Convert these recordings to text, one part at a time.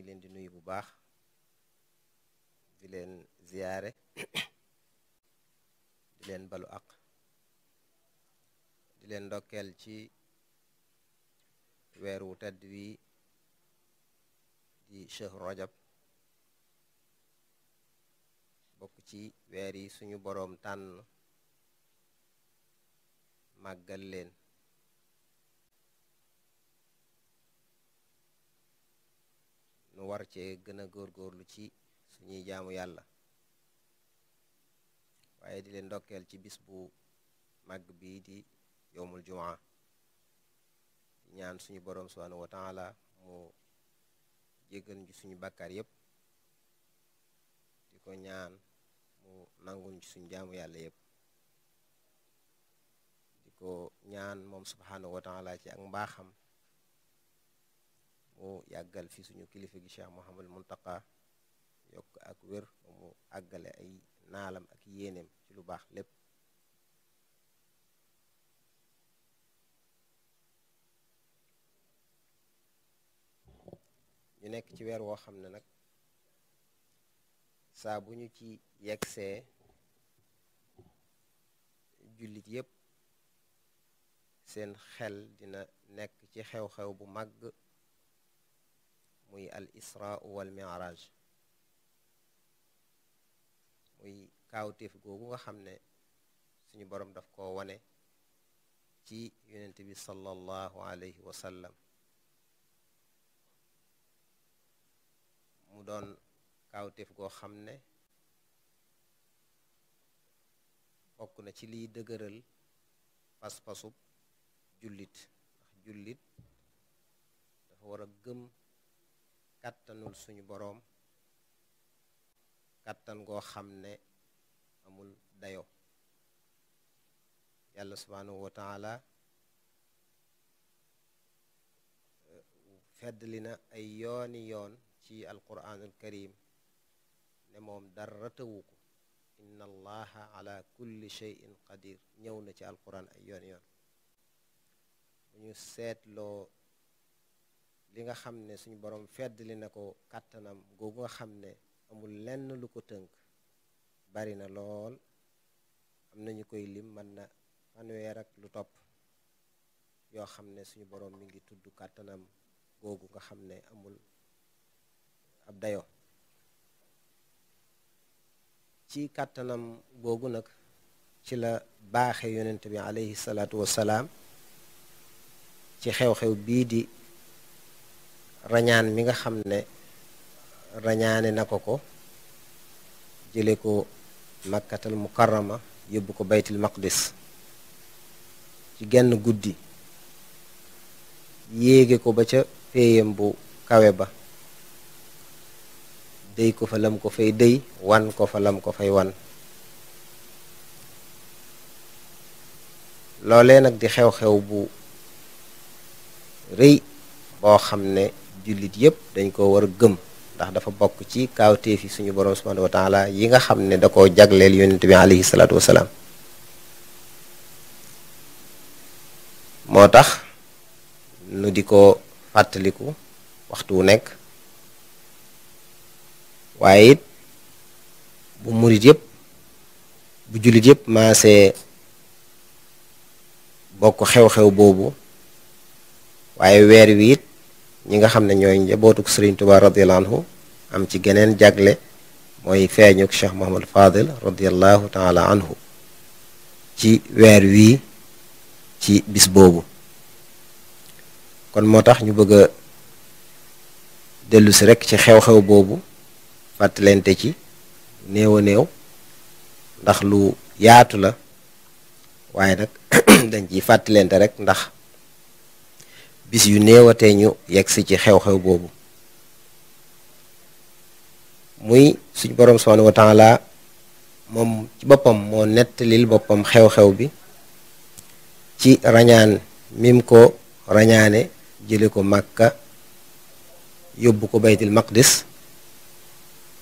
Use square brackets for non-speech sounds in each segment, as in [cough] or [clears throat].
ngi leen di nuyu bu baax di leen ziyaare di leen balu ak di leen ndokkeel ci weer wu tedd wi di cheikh rajab bokk ci weer yi suñu boroom tànn màggal leen nu war cee gën a góorgóorlu ci suñuy jaamu yàlla waaye di leen ndokkeel ci bis bu màgg bii di yowmul jumaa ñaan suñu boroom subhaanahu wa taala mu jéggal ñu suñu bakkaar yépp di ko ñaan mu nangul ci suñu jaamu yàlla yépp di ko ñaan moom subhaanahu wa taala ci ak mbaaxam mu yàggal fi suñu kilifa gi Cheikh Mouhamadul Mountakha yokk ak wér ba àggale ay naalam ak yéeneem ci lu baax lépp ñu nekk ci weer woo xam ne nag saa bu ñu ci yegsee jullit yépp seen xel dina nekk ci xew-xew bu màgg muy al isra wal miraj muy kaawteef googu nga xam ne suñu boroom daf koo wane ci yonent bi sallallahu alayhi wa mu doon kaawteef goo xam ne bokk na ci liy dëgëral pas-pasub jullit ndax jullit dafa war gëm kàttanul suñu boroom kattan goo xam ne amul dayo yàlla subhaanahu wa taala feddli na ay yooni yoon ci alquraanul karim ne moom dara tëwu ko inna allaha ala kulli shay'in qadir ñëw na ci alquran ay yoon yoon bu ñu seetloo li nga xam ne suñu borom feddali na ko kàttanam googu nga xam ne amul lenn lu ko tënk bari na lool am na ñu koy lim mën na fanweer lu topp yoo xam ne suñu boroom mi ngi tudd kàttanam googu nga xam ne amul ab dayo ci kàttanam googu nag ci la baaxe yonent bi aleyhi salaatu wassalaam ci xew-xew bii di rañaan mi nga xam ne rañaane na ko ko jële ko makkatal mukarrama yóbbu ko baytul maqdis ci genn guddi yéege ko ba ca péyam bu kawe ba déy ko fa lam ko fay déy wan ko lam ko fay wan loolee nag di xew-xew bu rëy boo xam ne jullit yëpp dañ ko war a gëm ndax dafa bokk ci kaawteef yi suñu borom subhanahu wa yi nga xam ne da koo jagleel yonent bi alayhi salaatu wasalaam moo tax nu di ko fàttaliku waxtu wu nekk waaye it bu murit yëpp bu jullit yëpp maasee bokk xew-xew boobu waaye weer wi ñi nga xam ne ñooy njabootuk Serigne Touba radiyallahu anhu am ci geneen jagle mooy feeñuk Cheikh Mouhamadou Fadil radiyallahu taala anhu ci weer wii ci bis boobu kon moo tax ñu bëgg a dellu si ci xew-xew boobu fàttalente ci néew a néew ndax lu yaatu la waaye nag [clears throat] dañ ciy fàttalente rek ndax bis yu néewatee ñu yegsi ci xew-xew boobu muy suñ boroom subhanahu wa moom ci boppam moo nettalil boppam xew-xew bi ci rañaan mim ko rañaane jële ko màkka yóbbu ko baytil maqdis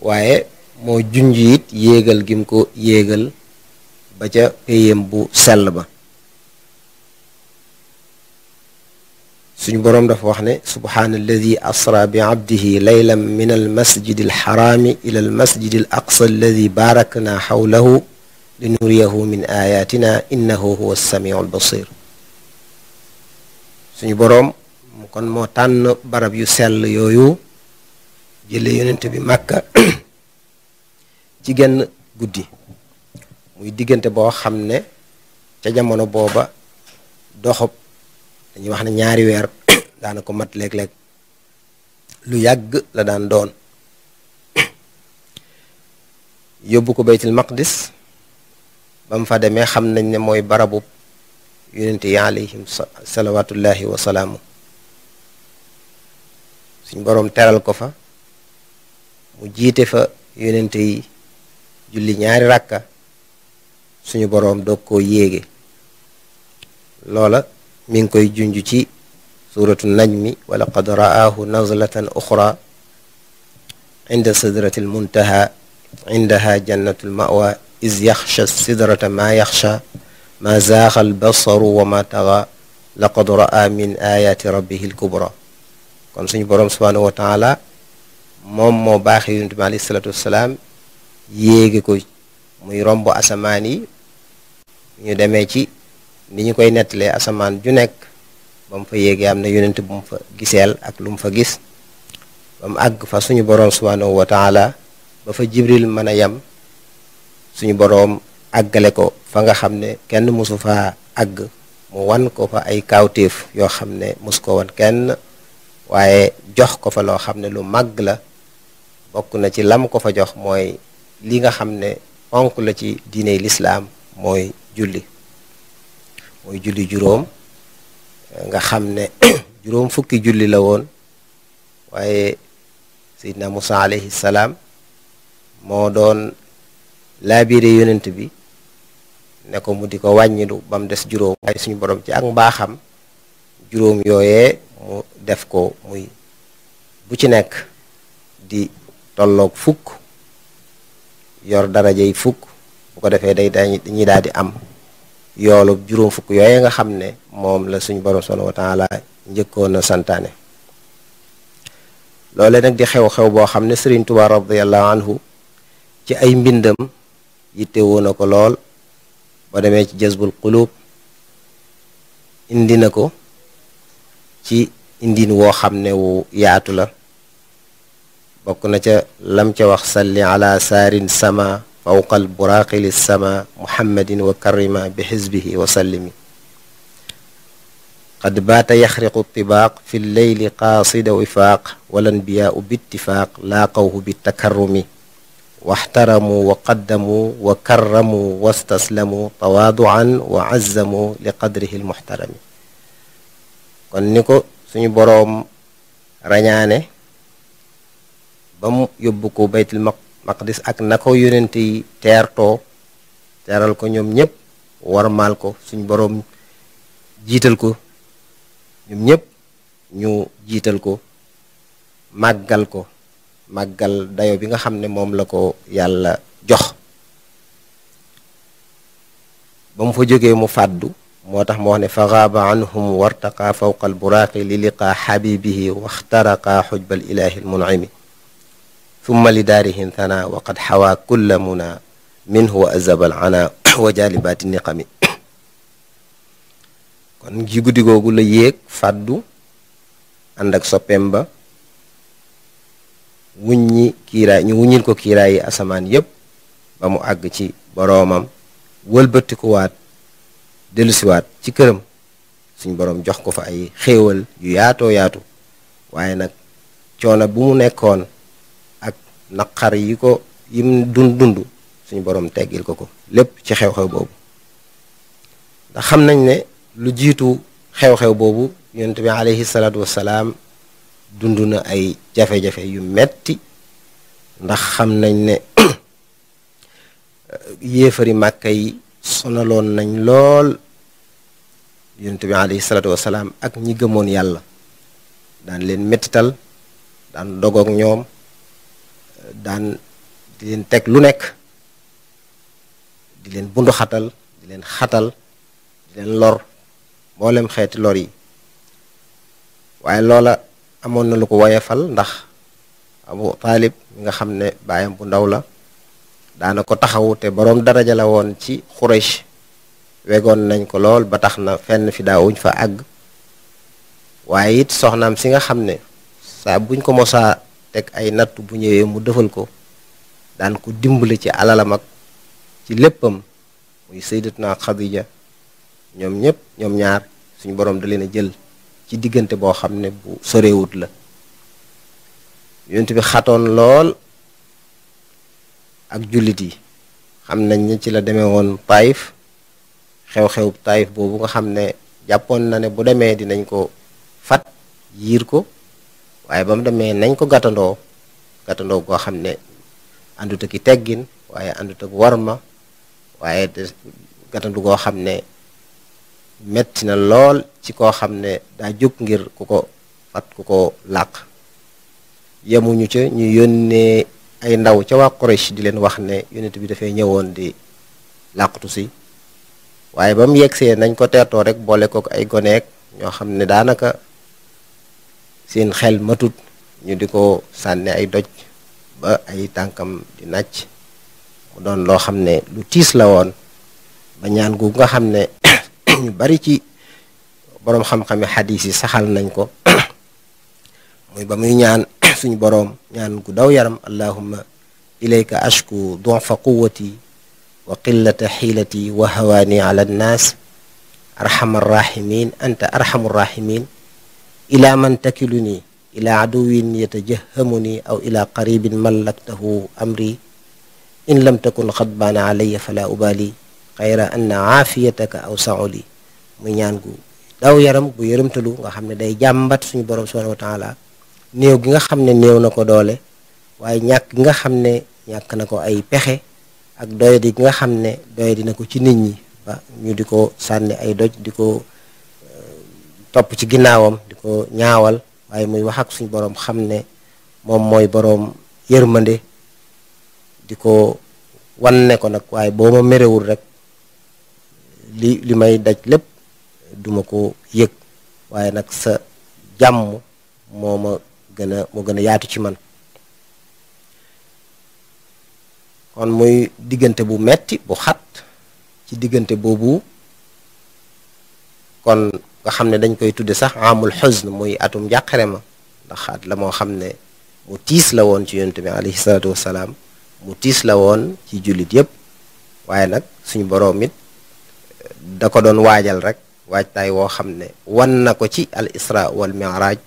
waaye moo junj it yéegal gim ko yéegal ba ca péyam bu sell ba suñu boroom dafa wax ne subhaana alladi asra bi abdihi laylan min almasjid alxaraami ila almasjid al aqsa alladi baarakna xawlahu min ayatina innahu huwa alsamiu albasir suñu boroom kon moo tànn barab yu sell yooyu jële yonent bi màkka [clears throat] ci genn guddi muy diggante boo xam ne ca jamono booba doxo dañuy wax ne ñaari weer [coughs] daana ko mat léeg lu yàgg la daan doon [coughs] yóbbu ko baytul maqdis ba mu fa demee xam nañ ne mooy barabu yonent yi alayhim salawatullahi wa salaamu suñ boroom teral ko fa mu jiite fa yonent yi julli ñaari ràkka suñu boroom doog koo yéege loola mi ngi koy junj ci suratu najmi wala qad ra'aahu nazlatan uxra inda sidratil muntaha indaha jannatul mawa is yaxsha sidrata ma yaxsha ma zaaxa albasaru wa ma laqad ra'a min ayaati rabbihi alkubra kon suñu boroom subhaanahu wa taala moom moo baaxe alayhi salaatu wassalaam yéege ko muy romb asamaan yi ni ñu koy nettalee asamaan ju nekk ba mu fa yéegee am na yonent bu mu fa giseel ak lu mu fa gis ba mu àgg fa suñu boroom subhaanahu wa taala ba fa jibril mën a yem suñu boroom àggale ko fa nga xam ne kenn mosu faa àgg mu wan ko fa ay kaawtéef yoo xam ne mosu ko wan kenn waaye jox ko fa loo xam ne lu màgg la bokk na ci lam ko fa jox mooy li nga xam ne ponk la ci diiney lislaam mooy julli mooy julli juróom nga xam ne [clears throat] juróom fukki julli la woon waaye seydina Musa alayhi salaam moo doon laabire yonent bi ne ko mu di ko wàññilu ba mu des juróom waaye suñu borom ci ak mbaaxam juróom yooyee mu def ko muy bu ci nekk di tolloog fukk yor darajey fukk bu ko defee day dañuy daal di am yoolub juróom fukk yooye nga xam ne moom la suñu borom subhaanahu wa taala njëkkoon a santaane loole nag di xew-xew boo xam ne Sëriñ Tuubaa radiyallahu anhu ci ay mbindam yitte woon na ko lool boo demee ci jazbul qulub indi na ko ci indin woo xam ne yaatu la bokk na ca lam ca wax salli ala saarin sama فوق البراق للسما محمد وكرما بحزبه وسلم قد بات يخرق الطباق في الليل قاصد وفاق والانبياء باتفاق لاقوه بالتكرم واحترموا وقدموا وكرموا واستسلموا تواضعا وعزموا لقدره المحترم kon ni ko suñu boroom rañaane ba mu yóbbu ko baytul maqdis maqdis ak nako ko yonent yi teertoo teeral ko ñoom ñépp warmaal ko suñ boroom jiital ko ñoom ñépp ñu jiital ko màggal ko màggal dayo bi nga xam ne moom la ko yàlla jox ba mu fa jógee mu fàddu moo tax mu wax ne fa gaaba anhum wartaqa fawqa al buraaqi li liqaa xabibihi waxtaraqa xujbal ilaahi al munimi summa li daarihim thana wa qad xawaa kulla muna minhu wa azabal ana wa jaalibaati niqami kon ci guddi googu la yéeg fàddu ànd ak ba wuññi kiiraay ko kiiraay yi asamaan yépp ba mu àgg ci boroomam wëlbatikuwaat dellusiwaat ci këram suñ boroom jox ko fa ay xéewal yu yaatoo yaatu waaye nag bu mu nekkoon naqar yi ko yim dund dund suñu borom teggil ko ko lépp ci xew-xew boobu ndax xam nañ ne lu jiitu xew-xew boobu yonent bi aleyhi salaatu wasalaam dundu na ay jafe-jafe yu metti ndax xam nañ ne [clears throat] yéefari màkka yi sonaloon nañ lool yonent bi aleyhi salaatu wasalaam ak ñi gëmoon yàlla daan leen mettital daan dogoog ñoom daan di leen teg lu nekk di leen bundu xatal di leen xatal di leen lor mboolem xeeti lor yi waaye loola amoon na lu ko woyefal ndax abu taalib mi nga xam ne baayam bu ndaw la daana ko taxawu boroom daraja la woon ci Quraysh wegoon nañ ko lool ba tax na fenn fi daawuñ fa àgg waaye it soxnaam si nga xam ne saa buñ ko mosaa teg ay nattu bu ñëwee mu defal ko daan ko dimbali ci alalam ak ci léppam muy sayyidatuna Xadija ñoom ñëpp ñoom ñaar suñu borom da leen a jël ci diggante boo xam ne bu sorewut la yonent bi xatoon lool ak jullit yi xam nañ ne ci la demee woon Taif xew-xew Taif boobu nga xam ne jàppoon na ne bu demee dinañ ko fat yiir ko waaye ba mu demee nañ ko gàttandoo gàttandoo koo xam ne àndut ak teggin waaye àndut ak warma waaye gàttandu goo xam ne metti na lool ci koo xam ne daa jóg ngir ku ko fat ku ko làq yemuñu ca ñu yónnee ay ndaw ca waa Quraysh di leen wax ne yonent bi dafay ñëwoon di làqatu si waaye ba mu yegsee nañ ko teertoo rek boole kook ay goneek ñoo xam ne daanaka seen xel matut ñu di ko sànni ay doj ba ay tànkam di nàcc mu doon loo xam ne lu tiis la woon ba ñaan gu nga xam ne [coughs] ñu bari ci boroom xam-xami xadiis yi saxal nañ ko [coughs] muy ba muy ñaan [coughs] suñu boroom ñaan gu daw yaram allahumma ilayka ashku dufa quwati wa qillata xiilati wa hawaani ala nnaas arxama arrahimin anta arxamu arrahimin ila man takiluni ila aduwin yatajahamuni aw ila qaribin mallaktahu amri in lam takun xadbaana alayya fala ubali xayra anna aafiyataka aw sauli muy ñaan gu daw yaram gu yërëmtalu nga xam ne day jàmbat suñu borom subhanahu wa taala néew gi nga xam ne néew na ko doole waaye ñàkk gi nga xam ne ñàkk na ko ay pexe ak doyadi gi nga xam ne doyadi na ko ci nit ñi ñu di ko sànni ay doj di ko euh, topp ci ginnaawam ko ñaawal waaye muy wax ak suñu boroom xam ne moom mooy boroom yërmande di ko wan ne ko nag waaye boo ma merewul rek li li may daj lépp duma ko yëg waaye nag sa jàmm moo ma gën a moo gën a yaatu ci man kon muy diggante bu metti bu xat ci diggante boobu kon nga xam ne dañ koy tudde sax amul xusn muy atum njàqare ma ndax at la moo xam ne mu tiis la woon ci yonent bi alayhi salaatu mu tiis la woon ci jullit yépp waaye nag suñu boroom it da ko doon waajal rek waajtaay woo xam ne wan na ko ci al isra wal miraaj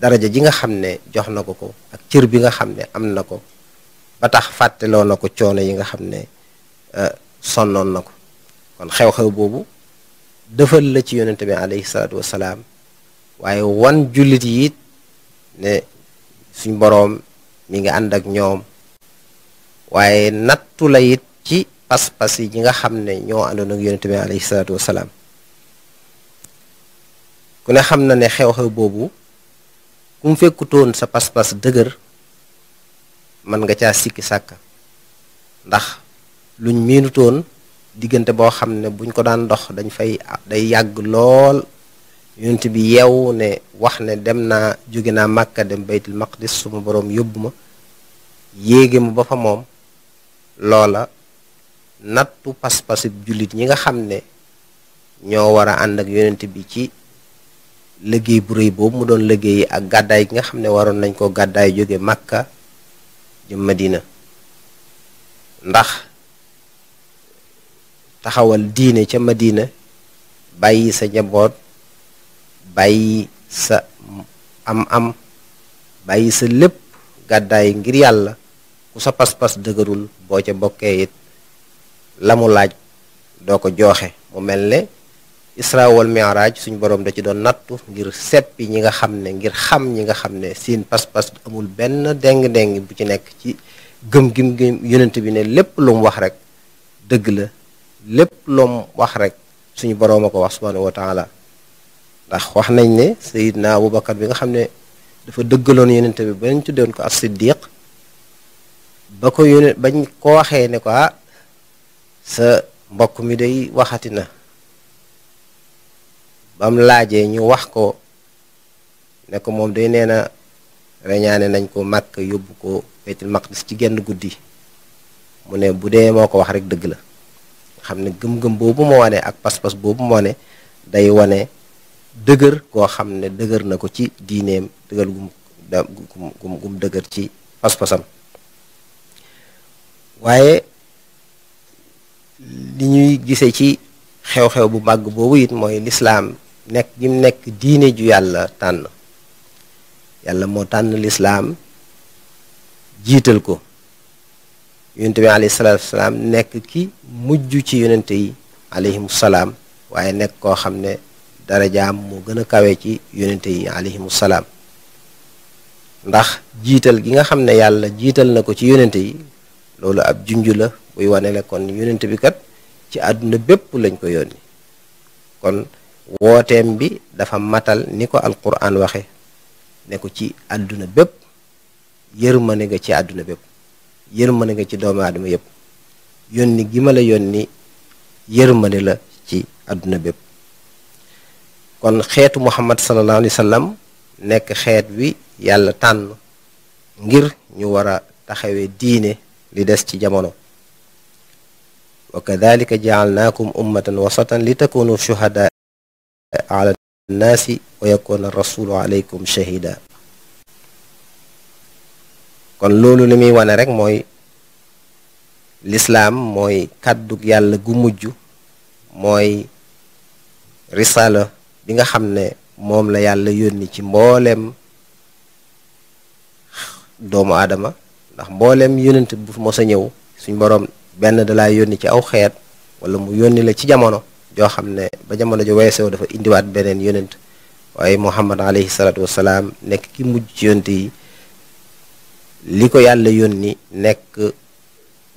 daraja ji nga xam ne jox na ko ko ak cër bi nga xam ne am na ko ba tax fàtteloo na ko coono yi nga xam ne euh, sonnoon na ko kon xew-xew boobu dëfal la ci yonente bi alayhi salaatu wasalaam waaye wan jullit yit ne suñ boroom mi ngi ànd ak ñoom waaye nattu la it ci pas-pas yi nga xam ne ñoo àndoon ak yonente bi alayhi salaatu wasalaam ku ne xam na ne xew-xew boobu ku mu fekkutoon sa pas-pas dëgër mën nga caa sikki sàkka ndax luñ miinutoon diggante boo xam ne buñ ko daan dox dañ fay day yàgg lool yonent bi yeewu ne wax ne dem naa jóge naa màkka dem baytul maqdis suma boroom yóbbu ma yéege mu ba fa moom loola nattu pas-pasib jullit ñi nga xam ne ñoo war a ànd ak bi ci liggéey bu réy boobu mu doon liggéey ak gàddaay gi nga xam ne waroon nañ ko gàddaay jóge màkka jëmma madina ndax taxawal diine ca Madina bàyyi sa njaboot bàyyi sa am-am bàyyi sa lépp gàddaay ngir yàlla ku sa pas-pas dëgërul boo ca bokkee it la mu laaj doo ko jooxe mu mel ne isra wal mi'raj suñ borom da ci doon nattu ngir seppi ñi nga xam ne ngir xam ñi nga xam ne seen pas-pas amul benn déng-déng bu ci nekk ci gëm-gim-gim yonent bi ne lépp lu mu wax rek dëgg la lépp loom wax rek suñu boroom ko wax subhaanahu wa taala ndax wax nañ ne sayidna bokkat bi nga xam ne dafa dëggaloon yonente bi ba ñu tuddoon ko as-siddiq ba ko yóne bañ ko waxee ne ko ah, sa mbokk mi day waxati na bam laajee ñu wax ko ne ko moom day nee na reñaane nañ ko màkk yóbbu ko baytul maqdis ci genn guddi mu ne bu dee moo ko wax rek dëgg la xam ne gëm-gëm boobu mu wane ak pas boobu mu wane day wane dëgër koo xam ne dëgër na ko ci diineem dëgër gum gum gum dëgër ci pas-pasam waaye li ñuy gise ci xew-xew bu màgg boobu it mooy lislaam nekk gi mu nekk diine ju yàlla tànn yàlla moo tànn lislaam jiital ko yonente bi alayhi salaatu wasalaam nekk ki mujj ci yonente yi alayhimu salaam waaye nekk koo xam ne darajaam moo gën a kawe ci yonente yi alayhimu salaam ndax jiital gi nga xam ne yàlla jiital na ko ci yonente yi loolu ab junj la buy wane ne kon yonente bi kat ci àdduna bépp lañ ko yónni kon wooteem bi dafa matal ni ko alquran waxe ne ko ci àdduna bépp yërmande nga ci àdduna bépp yërmande nga ci doomu aadama yépp yónni gi ma la yónni yërmande la ci àdduna bépp kon xeetu muhammad sallallahu alayhi wa nekk xeet wi yàlla tànn ngir ñu war a taxawee diine li des ci jamono wa kadalika jaalnaakum ummatan wasatan li takunu shuhada ala nnaasi wa yakuna rasulu alaykum shahida kon loolu li muy wane rek mooy lislaam mooy kàddug yàlla gu mujj mooy risala bi nga xam ne moom la yàlla yónni ci mbooleem doomu aadama ndax mbooleem yónnent bu mos a ñëw suñ boroom benn dalaa yónni ci aw xeet wala mu yónni la ci jamono joo xam ne ba jamono jo weesoo dafa indiwaat beneen yónnent waaye muhammad alayhi salaatu wasalaam nekk ki mujj ci yónnent yi li ko yàlla yónni nekk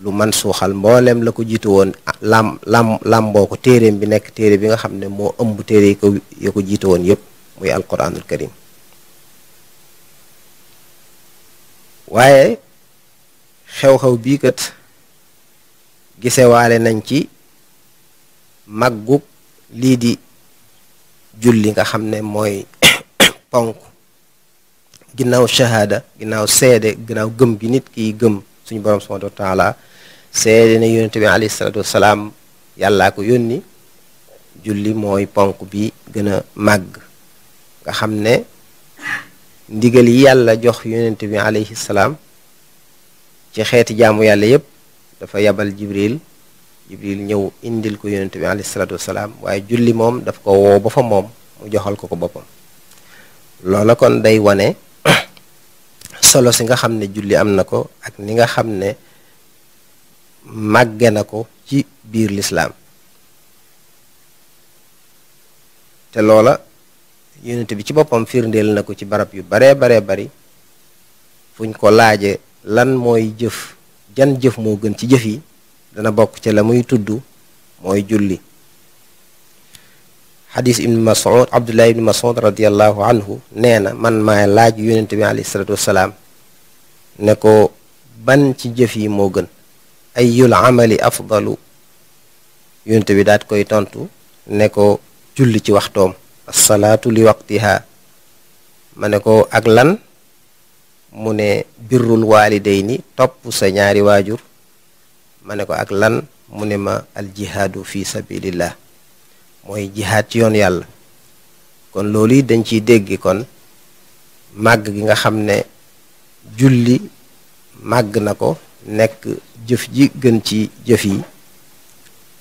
lu man suuxal mboolem la ko jiitu woon ah, lam làmboo ko téeréem bi nekk téere bi nga xam ne moo ëmb téere yi ko ya ko jiitu woon yépp muy alquranul karim waaye xew-xew bii kat gisewaale nañ ci màggug lii di julli nga xam ne mooy [coughs] ponk ginnaaw shahaada ginnaaw seede ginnaaw gëm gi nit ki gëm suñu borom subhanahu wa taala seede ne yonent bi alayhi salaatu wasalaam yàllaa ko yónni julli mooy ponk bi gën a màgg nga xam ne ndigal yi yàlla jox yonent bi alayhi salaam ci xeeti jaamu yàlla yépp dafa yabal jibril jibril ñëw indil ko yonent bi alayhi salaatu wasalaam waaye julli moom daf ko woo ba fa moom mu joxal ko ko boppam loola kon day wane solo si nga xam ne julli am na ko ak ni nga xam ne màgge na ko ci biir lislaam te loola yonent bi ci boppam firndeel na ko ci barab yu baree baree bari fuñ ko laaje lan mooy jëf jan jëf moo gën ci jëf yi dana bokk ci la muy tudd mooy julli xadis ibni masud abdullah ibni masud radiallahu anhu nee na man maa laaj yonente bi alayhi salatu ne ko ban ci jëf yi moo gën ayul amali afdalu yonente bi daat koy tontu ne ko julli ci waxtoom asalaatu li waqtiha ma ne ko ak lan mu ne birrul waalidayni topp sa ñaari waajur ma ne ko ak lan mu ne ma al aljihaadu fi sabilillah mooy jihaad ci yoon yàlla kon loolu yi dañ ci dégge kon màgg gi nga xam ne julli màgg na ko nekk jëf ji gën ci jëf yi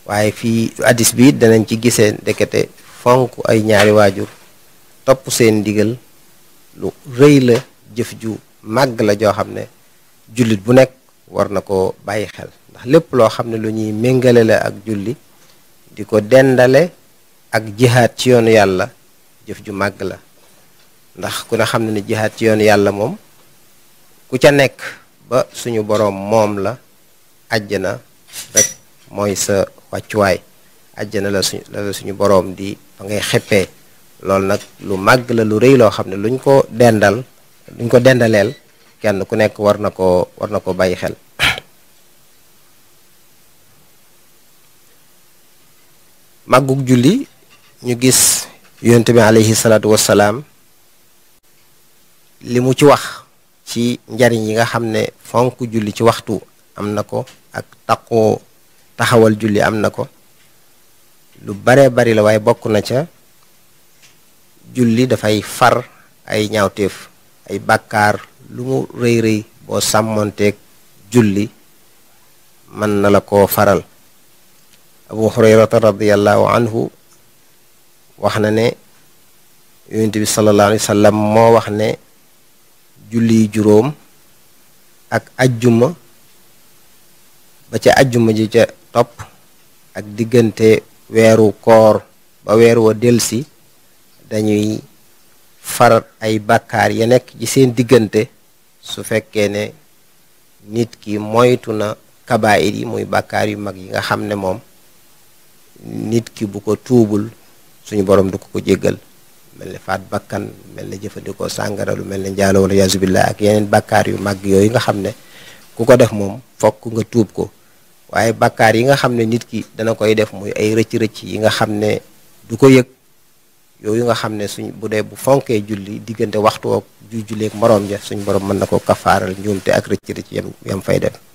waaye fii addis bi danañ ci gise ndekete fonk ay ñaari waajur topp seen ndigal lu rëy la jëf ju màgg la joo xam ne jullit bu nekk war na ko bàyyi xel ndax lépp loo xam ne lu ñuy méngale la ak julli di ko dendale ak jihaad ci yoonu yàlla jëf ju màgg la ndax ku ne xam ne ni jihaad ci yoon yàlla moom ku ca nekk ba suñu boroom moom la àjjana rek mooy sa wàccuwaay àjjana la suñu la suñu boroom di ba ngay xeppee loolu nag lu màgg la lu rëy loo xam ne luñ ko dendal luñ ko dendaleel kenn ku nekk war na koo war na ko bàyyi xel màggug julli ñu gis yonent bi aleyhi salaatu wassalaam li mu ci wax ci njariñ yi nga xam ne fonk julli ci waxtu am na ko ak taqoo taxawal julli am na ko lu baree bari la waaye bokk na ca julli dafay far ay ñaawteef ay bàkkaar lumu mu rëy rëy boo sàmmonteeg julli mën na la koo faral abu hurayrata radiallahu anhu wax na ne yonent bi sallallahu alayhi wa moo wax ne julli juróom ak ajjuma ba ca ajjuma ji ca topp ak diggante weeru koor ba weer wa delsi dañuy far ay bakkaar ya nekk ci seen diggante su fekkee ne nit ki moytu na kabaayir yi muy bàkkaar yu mag yi nga xam ne moom nit ki bu ko tuubul suñu borom du ko ko jéggal mel ne faat bakkan mel ne jëfandikoo sàngara lu mel ne njaalo wala yaasu billah ak yeneen bakkaar yu màgg yooyu nga xam ne ku ko def moom fokk nga tuub ko waaye bakkaar yi nga xam ne nit ki dana koy def muy ay rëcc-rëcc yi nga xam ne du ko yëg yooyu nga xam ne suñ bu dee bu fonkee julli diggante waxtu ak ju julleeg moroom ja suñ borom mën na ko kafaaral njuumte ak rëcc-rëcc yam yam fay def